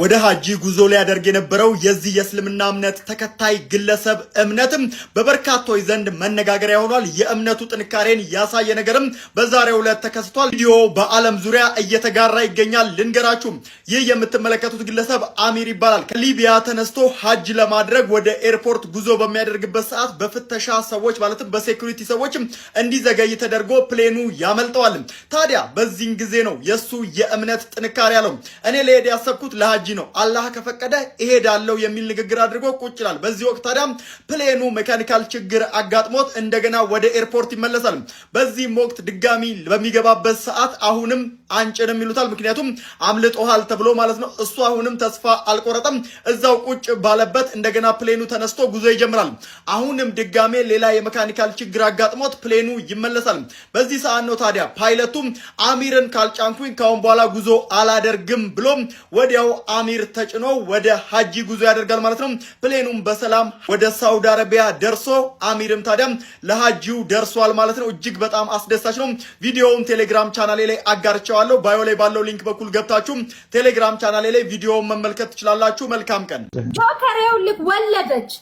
ወደ ሀጂ ጉዞ ሊያደርግ የነበረው የዚህ የእስልምና እምነት ተከታይ ግለሰብ እምነትም በበርካቶች ዘንድ መነጋገሪያ ሆኗል። የእምነቱ ጥንካሬን ያሳየ ነገርም በዛሬው ዕለት ተከስቷል። ቪዲዮ በዓለም ዙሪያ እየተጋራ ይገኛል። ልንገራችሁ፣ ይህ የምትመለከቱት ግለሰብ አሚር ይባላል። ከሊቢያ ተነስቶ ሀጅ ለማድረግ ወደ ኤርፖርት ጉዞ በሚያደርግበት ሰዓት በፍተሻ ሰዎች ማለትም በሴኩሪቲ ሰዎችም እንዲዘገይ ተደርጎ ፕሌኑ ያመልጠዋል። ታዲያ በዚህን ጊዜ ነው የእሱ የእምነት ጥንካሬ አለው እኔ ለሄድ ያሰብኩት ለሀጅ ተዘጋጂ ነው፣ አላህ ከፈቀደ እሄዳለሁ የሚል ንግግር አድርጎ ቁጭ ይላል። በዚህ ወቅት ታዲያም ፕሌኑ ሜካኒካል ችግር አጋጥሞት እንደገና ወደ ኤርፖርት ይመለሳል። በዚህም ወቅት ድጋሚ በሚገባበት ሰዓት አሁንም አንጭንም ይሉታል። ምክንያቱም አምልጦሃል ተብሎ ማለት ነው። እሱ አሁንም ተስፋ አልቆረጠም። እዛው ቁጭ ባለበት እንደገና ፕሌኑ ተነስቶ ጉዞ ይጀምራል። አሁንም ድጋሜ ሌላ የመካኒካል ችግር አጋጥሞት ፕሌኑ ይመለሳል። በዚህ ሰዓት ነው ታዲያ ፓይለቱም አሚርን ካልጫንኩኝ ካሁን በኋላ ጉዞ አላደርግም ብሎም ወዲያው አሚር ተጭኖ ወደ ሀጂ ጉዞ ያደርጋል ማለት ነው። ፕሌኑም በሰላም ወደ ሳውዲ አረቢያ ደርሶ አሚርም ታዲያም ለሀጂው ደርሷል ማለት ነው። እጅግ በጣም አስደሳች ነው። ቪዲዮውን ቴሌግራም ቻናሌ ላይ አጋርቸዋለሁ። ባዮ ላይ ባለው ሊንክ በኩል ገብታችሁ ቴሌግራም ቻናሌ ላይ ቪዲዮውን መመልከት ትችላላችሁ። መልካም ቀን። ጆከሬው ልክ ወለደች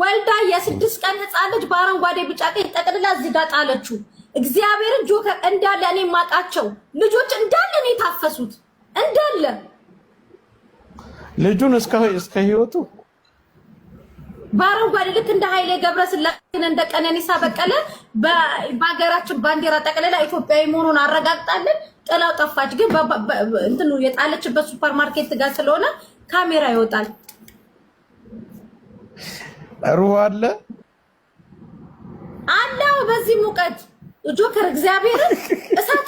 ወልዳ የስድስት ቀን ህፃን ልጅ በአረንጓዴ ቢጫ ቀይ ጠቅልላ እዚህ ጋር ጣለችው። እግዚአብሔርን ጆከር እንዳለ እኔ ማቃቸው ልጆች እንዳለ እኔ የታፈሱት እንዳለ ልጁን እስከ እስከ ህይወቱ በአረንጓዴ ልክ እንደ ኃይሌ ገብረስላሴን እንደ ቀነኒሳ በቀለ በሀገራችን ባንዲራ ጠቅልላ ኢትዮጵያዊ መሆኑን አረጋግጣለን። ጥላው ጠፋች። ግን እንትኑ የጣለችበት ሱፐር ማርኬት ጋር ስለሆነ ካሜራ ይወጣል። ሩህ አለ አለው። በዚህ ሙቀት ጆከር እግዚአብሔርን እሳት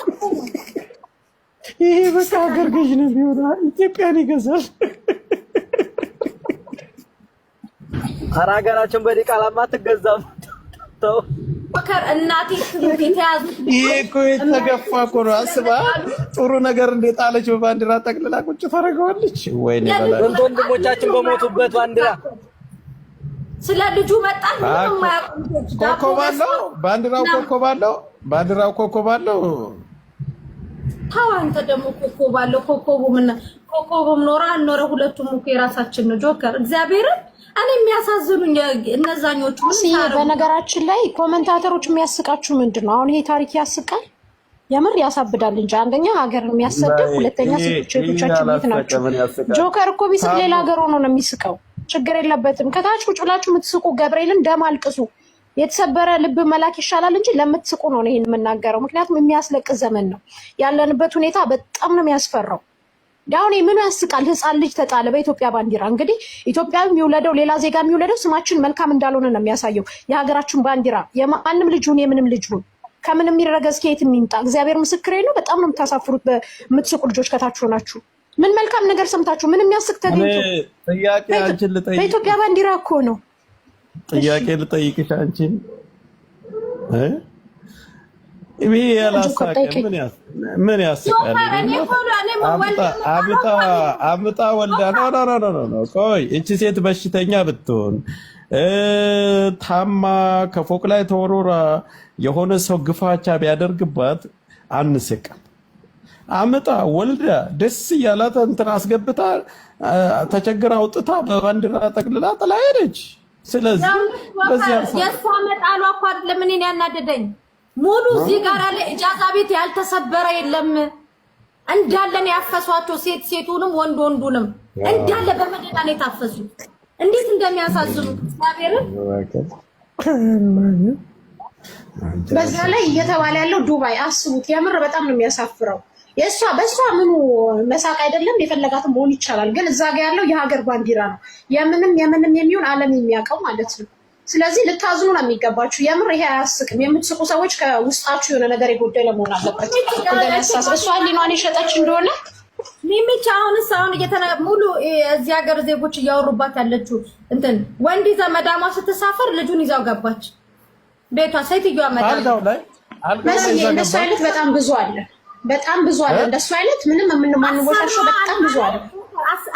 ይሄ በቃ ሀገር ገዥ ነው የሚሆነ ኢትዮጵያን ይገዛል። ኧረ ሀገራችን በዲቃላማ አትገዛም። ተው መከር እናቴ የተያዙ ይሄ እኮ የተገፋ እኮ ነው። አስባ ጥሩ ነገር እንዴት አለች በባንዲራ ጠቅልላ ቁጭ ታደርገዋለች። ወይኔ በላት ወንድሞቻችን በሞቱበት ባንዲራ ስለ ልጁ መጣን ኮከብ አለው ባንዲራው፣ ኮከብ አለው ባንዲራው፣ ኮከብ አለው። ተው አንተ ደግሞ ኮከብ አለው። ኮከቡ ምን ኮከቡም ኖረ አልኖረ ሁለቱም እኮ የራሳችን ነው። ጆከር እግዚአብሔርን እኔ የሚያሳዝኑኝ እነዛኞቹ። በነገራችን ላይ ኮመንታተሮች የሚያስቃችሁ ምንድን ነው? አሁን ይሄ ታሪክ ያስቃል፣ የምር ያሳብዳል እንጂ አንደኛ ሀገር የሚያሰድብ ሁለተኛ ሴቶቻችን የት ናቸው? ጆከር እኮ ቢስቅ ሌላ ሀገር ሆኖ ነው የሚስቀው። ችግር የለበትም። ከታች ቁጭ ብላችሁ የምትስቁ ገብርኤልን ደም አልቅሱ። የተሰበረ ልብ መላክ ይሻላል እንጂ ለምትስቁ ነው ይህን የምናገረው። ምክንያቱም የሚያስለቅ ዘመን ነው ያለንበት። ሁኔታ በጣም ነው የሚያስፈራው። አሁን ምኑ ያስቃል? ህፃን ልጅ ተጣለ በኢትዮጵያ ባንዲራ። እንግዲህ ኢትዮጵያ የሚውለደው ሌላ ዜጋ የሚውለደው ስማችን መልካም እንዳልሆነ ነው የሚያሳየው። የሀገራችን ባንዲራ የማንም ሁን የምንም ሁን ከምንም የሚረገዝ ከየት የሚምጣ እግዚአብሔር ምስክሬ ነው። በጣም ነው የምታሳፍሩት በምትስቁ ልጆች ከታች ሆናችሁ ምን መልካም ነገር ሰምታችሁ ምን የሚያስቅ ተገኝቶ። በኢትዮጵያ ባንዲራ እኮ ነው። ጥያቄ ልጠይቅሽ አንቺን ምን ያስቃል? አምጣ ወልዳ ነው። ቆይ እቺ ሴት በሽተኛ ብትሆን ታማ ከፎቅ ላይ ተወርውራ የሆነ ሰው ግፋቻ ቢያደርግባት አንስቅም። አምጣ ወልዳ ደስ እያላት እንትን አስገብታ ተቸግራ አውጥታ በባንዲራ ጠቅልላ ጥላ ሄደች። ስለዚህ በዚህ ያሳ ሙሉ እዚህ ጋር ያለ እጃዛ ቤት ያልተሰበረ የለም። እንዳለን ያፈሷቸው ሴት ሴቱንም ወንድ ወንዱንም እንዳለ በመደዳ ነው የታፈሱ። እንዴት እንደሚያሳዝኑ እግዚአብሔርን። በዛ ላይ እየተባለ ያለው ዱባይ አስቡት። የምር በጣም ነው የሚያሳፍረው። የእሷ በእሷ ምኑ መሳቅ አይደለም፣ የፈለጋትም መሆን ይቻላል። ግን እዛ ጋ ያለው የሀገር ባንዲራ ነው። የምንም የምንም የሚሆን አለም የሚያውቀው ማለት ነው። ስለዚህ ልታዝኑ ነው የሚገባችሁ። የምር ይሄ አያስቅም። የምትስቁ ሰዎች ከውስጣችሁ የሆነ ነገር የጎደለ መሆን አለበት። እንደሚያሳስ እሷ ሊኗን የሸጠች እንደሆነ ሚሚቻ አሁን አሁን እየተና ሙሉ እዚህ ሀገር ዜጎች እያወሩባት ያለችው እንትን ወንድ ይዛ መዳሟ ስትሳፈር ልጁን ይዛው ገባች ቤቷ። ሴትዮዋ መዳም እንደሱ አይነት በጣም ብዙ አለ፣ በጣም ብዙ አለ። እንደሱ አይነት ምንም የምንማንቦሻቸው በጣም ብዙ አለ።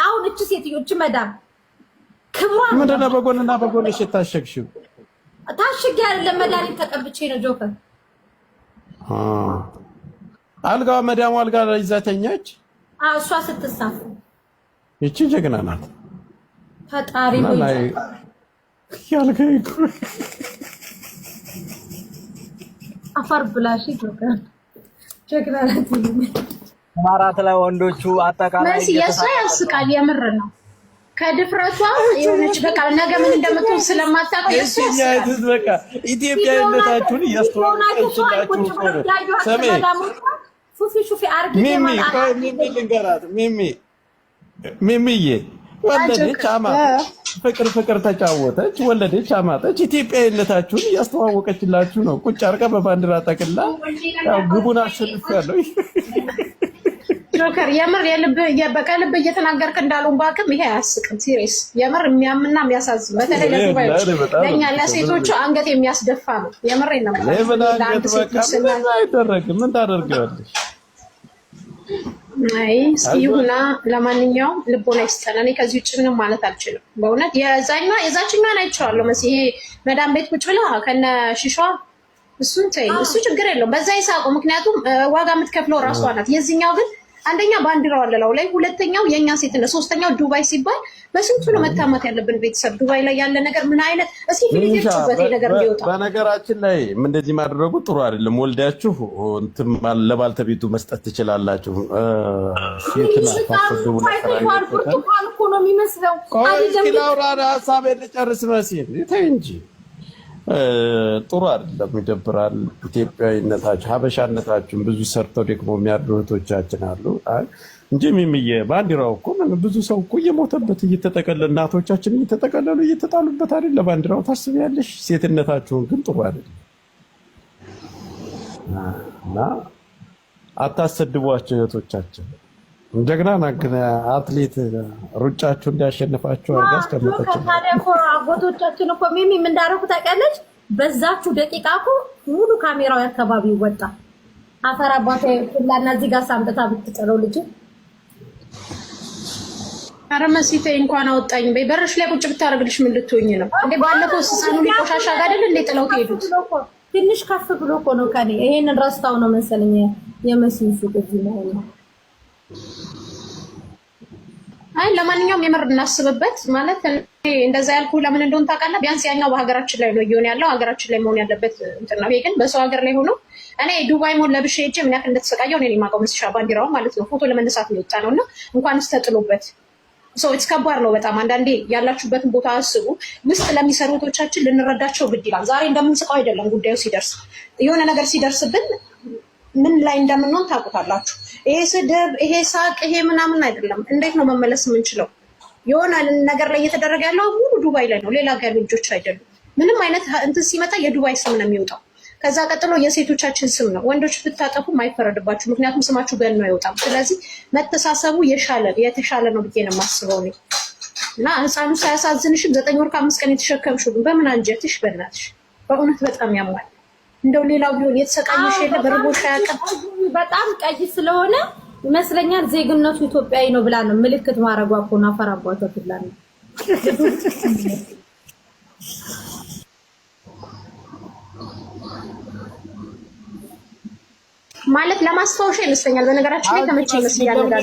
አሁን እቺ ሴትዮ እቺ መዳም ክብሯን ምንድን ነው በጎንና በጎንሽ የታሸግሽው? ታሽግ አይደለም መድኃኒት ተቀብቼ ነው ጆከር። አልጋ መዳሙ አልጋ ላይ ይዛተኛች እሷ ስትሳፍ ይቺ ጀግና ናት። ፈጣሪ ላይ ያልጋ አፈር ብላሽ ጆከር ጀግና ናት። ማራት ላይ ወንዶቹ አጠቃላይ የእሷ ያስቃል። የምር ነው ከድፍረቷ የሆነች በቃ ነገ ምን እንደምትሆን ስለማታውቅ በቃ ኢትዮጵያዊነታችሁን እያስተዋወቀ ሚሚ ሚሚዬ ወለደች አማጠች፣ ፍቅር ፍቅር ተጫወተች፣ ወለደች አማጠች። ኢትዮጵያዊነታችሁን እያስተዋወቀችላችሁ ነው። ቁጭ አርጋ በባንዲራ ጠቅላ ያው ግቡን አሸንፍ ያለው ጆከር የምር በቃ ልብ እየተናገርክ እንዳሉን ባክም፣ ይሄ አያስቅም። ሲሪየስ የምር የሚያምና የሚያሳዝን በተለይ ለሱባዮች ለእኛ ለሴቶቹ አንገት የሚያስደፋ ነው። የምር ነው። ምን ታደርጊዋለሽ? አይ ይሁና። ለማንኛውም ልቦና ይስጠን። እኔ ከዚህ ውጭ ምንም ማለት አልችልም በእውነት የዛኛ የዛችኛን አይቼዋለሁ። መስ ይሄ መዳም ቤት ቁጭ ብላ ከነ ሽሿ እሱን ተይ፣ እሱ ችግር የለውም። በዛ ይሳቁ። ምክንያቱም ዋጋ የምትከፍለው ራሷ ናት። የዚህኛው ግን አንደኛ ባንዲራው አለላው ላይ፣ ሁለተኛው የእኛ ሴትነት፣ ሶስተኛው ዱባይ ሲባል በስንቱ ነው መታማት ያለብን ቤተሰብ። ዱባይ ላይ ያለ ነገር ምን አይነት እስኪ ፊሊደርችበት ነገር ሊወጣ። በነገራችን ላይ እንደዚህ ማድረጉ ጥሩ አይደለም። ወልዳችሁ ለባልተቤቱ መስጠት ትችላላችሁ። ሴትናፋፍዱቡናራሳብ ልጨርስ መሲል ተይ እንጂ ጥሩ አይደለም፣ ይደብራል። ኢትዮጵያዊነታችን ሀበሻነታችን ብዙ ሰርተው ደግሞ የሚያድሩ እህቶቻችን አሉ እንጂ ሚሚዬ ባንዲራው እኮ ብዙ ሰው እኮ እየሞተበት እየተጠቀለ እናቶቻችን እየተጠቀለሉ እየተጣሉበት አይደል? ባንዲራው ታስቢያለሽ። ሴትነታችሁን ግን ጥሩ አይደለም እና አታሰድቧቸው እህቶቻችን እንደገና ናግነ አትሌት ሩጫችሁ እንዲያሸንፋችሁ አድርጋ አስቀመጠች። አጎቶቻችን እኮ ሚሚ እንዳደረጉ ታውቂያለች። በዛችሁ ደቂቃ እኮ ሙሉ ካሜራው አካባቢ ወጣ። አፈር አባቴ ሁላና እዚህ ጋር ሳምጥታ ብትጥለው ልጅ ኧረ እንኳን አወጣኝ በይ። በረሽ ላይ ቁጭ ብታደርግልሽ ምን ልትሆኝ ነው እንዴ? ባለፈው ስሳኑ ቆሻሻ ጋር አይደል እንዴ ጥለው ከሄዱት ትንሽ ከፍ ብሎ እኮ ነው ከኔ። ይሄንን ረስታው ነው መሰለኝ የመሲን ሱቅ እዚህ ነው አይ ለማንኛውም የምር እናስብበት። ማለት እንደዛ ያልኩ ለምን እንደሆነ ታውቃለህ? ቢያንስ ያኛው በሀገራችን ላይ ነው እየሆነ ያለው ሀገራችን ላይ መሆን ያለበት እንትን ነው። ይሄ ግን በሰው ሀገር ላይ ሆኖ እኔ ዱባይ ሞን ለብሼ ሄጄ ምን ያክል እንደተሰቃየው እኔ የማውቀው መስሻ ባንዲራው ማለት ነው ፎቶ ለመነሳት ነው የወጣ ነው እና እንኳንስ ተጥሎበት ሰው ከባድ ነው በጣም አንዳንዴ ያላችሁበትን ቦታ አስቡ። ውስጥ ለሚሰሩቶቻችን ልንረዳቸው ግድ ይላል። ዛሬ እንደምንስቀው አይደለም ጉዳዩ ሲደርስ የሆነ ነገር ሲደርስብን ምን ላይ እንደምንሆን ታውቁታላችሁ። ይሄ ስድብ፣ ይሄ ሳቅ፣ ይሄ ምናምን አይደለም። እንዴት ነው መመለስ የምንችለው? የሆነ ነገር ላይ እየተደረገ ያለው ሙሉ ዱባይ ላይ ነው። ሌላ ሀገር ልጆች አይደሉም። ምንም አይነት እንትን ሲመጣ የዱባይ ስም ነው የሚወጣው። ከዛ ቀጥሎ የሴቶቻችን ስም ነው። ወንዶች ብታጠፉ አይፈረድባችሁ፣ ምክንያቱም ስማችሁ ገኖ አይወጣም። ስለዚህ መተሳሰቡ የተሻለ ነው ብዬ ነው የማስበው እኔ እና ህፃኑ ሳያሳዝንሽም ዘጠኝ ወር ከአምስት ቀን የተሸከምሽው በምን አንጀትሽ በእናትሽ በእውነት በጣም ያሟል። እንደው ሌላው ቢሆን የተሰቃየሽ የለ በርቦሽ አያውቅም። በጣም ቀይ ስለሆነ ይመስለኛል ዜግነቱ ኢትዮጵያዊ ነው ብላ ነው ምልክት ማረጓ እኮ ነው። አፈራቧ ተብላ ነው ማለት ለማስታወሻ ይመስለኛል። በነገራችን ላይ ተመቸኝ ይመስለኛል እና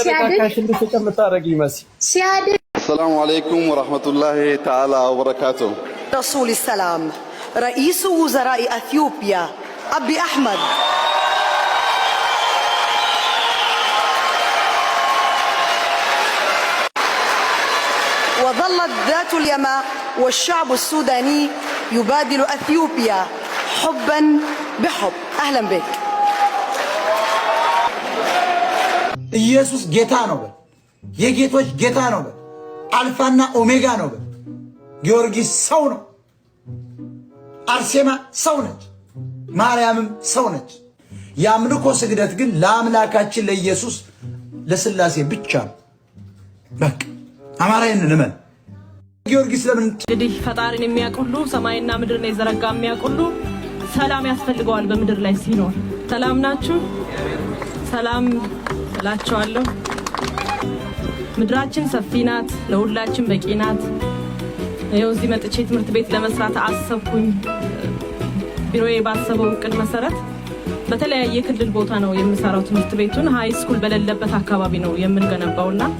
ሲያድግ ሲያድግ። አሰላሙ አለይኩም ወራህመቱላሂ ተዓላ ወበረካቱ ረሱል ሰላም رئيس وزراء أثيوبيا أبي أحمد وظلت ذات اليمة والشعب السوداني يبادل أثيوبيا حبا بحب أهلا بك يسوس جيتانو يجيتوش جيتانو ألفانا أوميغانو جورجي سونو አርሴማ ሰው ነች፣ ማርያምም ሰው ነች። የአምልኮ ስግደት ግን ለአምላካችን ለኢየሱስ ለስላሴ ብቻ ነው። በቃ አማራዬን ልመን ጊዮርጊስ ለምን እንግዲህ ፈጣሪን የሚያውቅ ሁሉ ሰማይና ምድርን የዘረጋ የሚያውቅ ሁሉ ሰላም ያስፈልገዋል። በምድር ላይ ሲኖር ሰላም ናችሁ፣ ሰላም እላችኋለሁ። ምድራችን ሰፊ ናት፣ ለሁላችን በቂ ናት። ይኸው እዚህ መጥቼ ትምህርት ቤት ለመስራት አሰብኩኝ። ቢሮዬ ባሰበው እቅድ መሰረት በተለያየ ክልል ቦታ ነው የምሰራው። ትምህርት ቤቱን ሀይ ስኩል በሌለበት አካባቢ ነው የምንገነባውና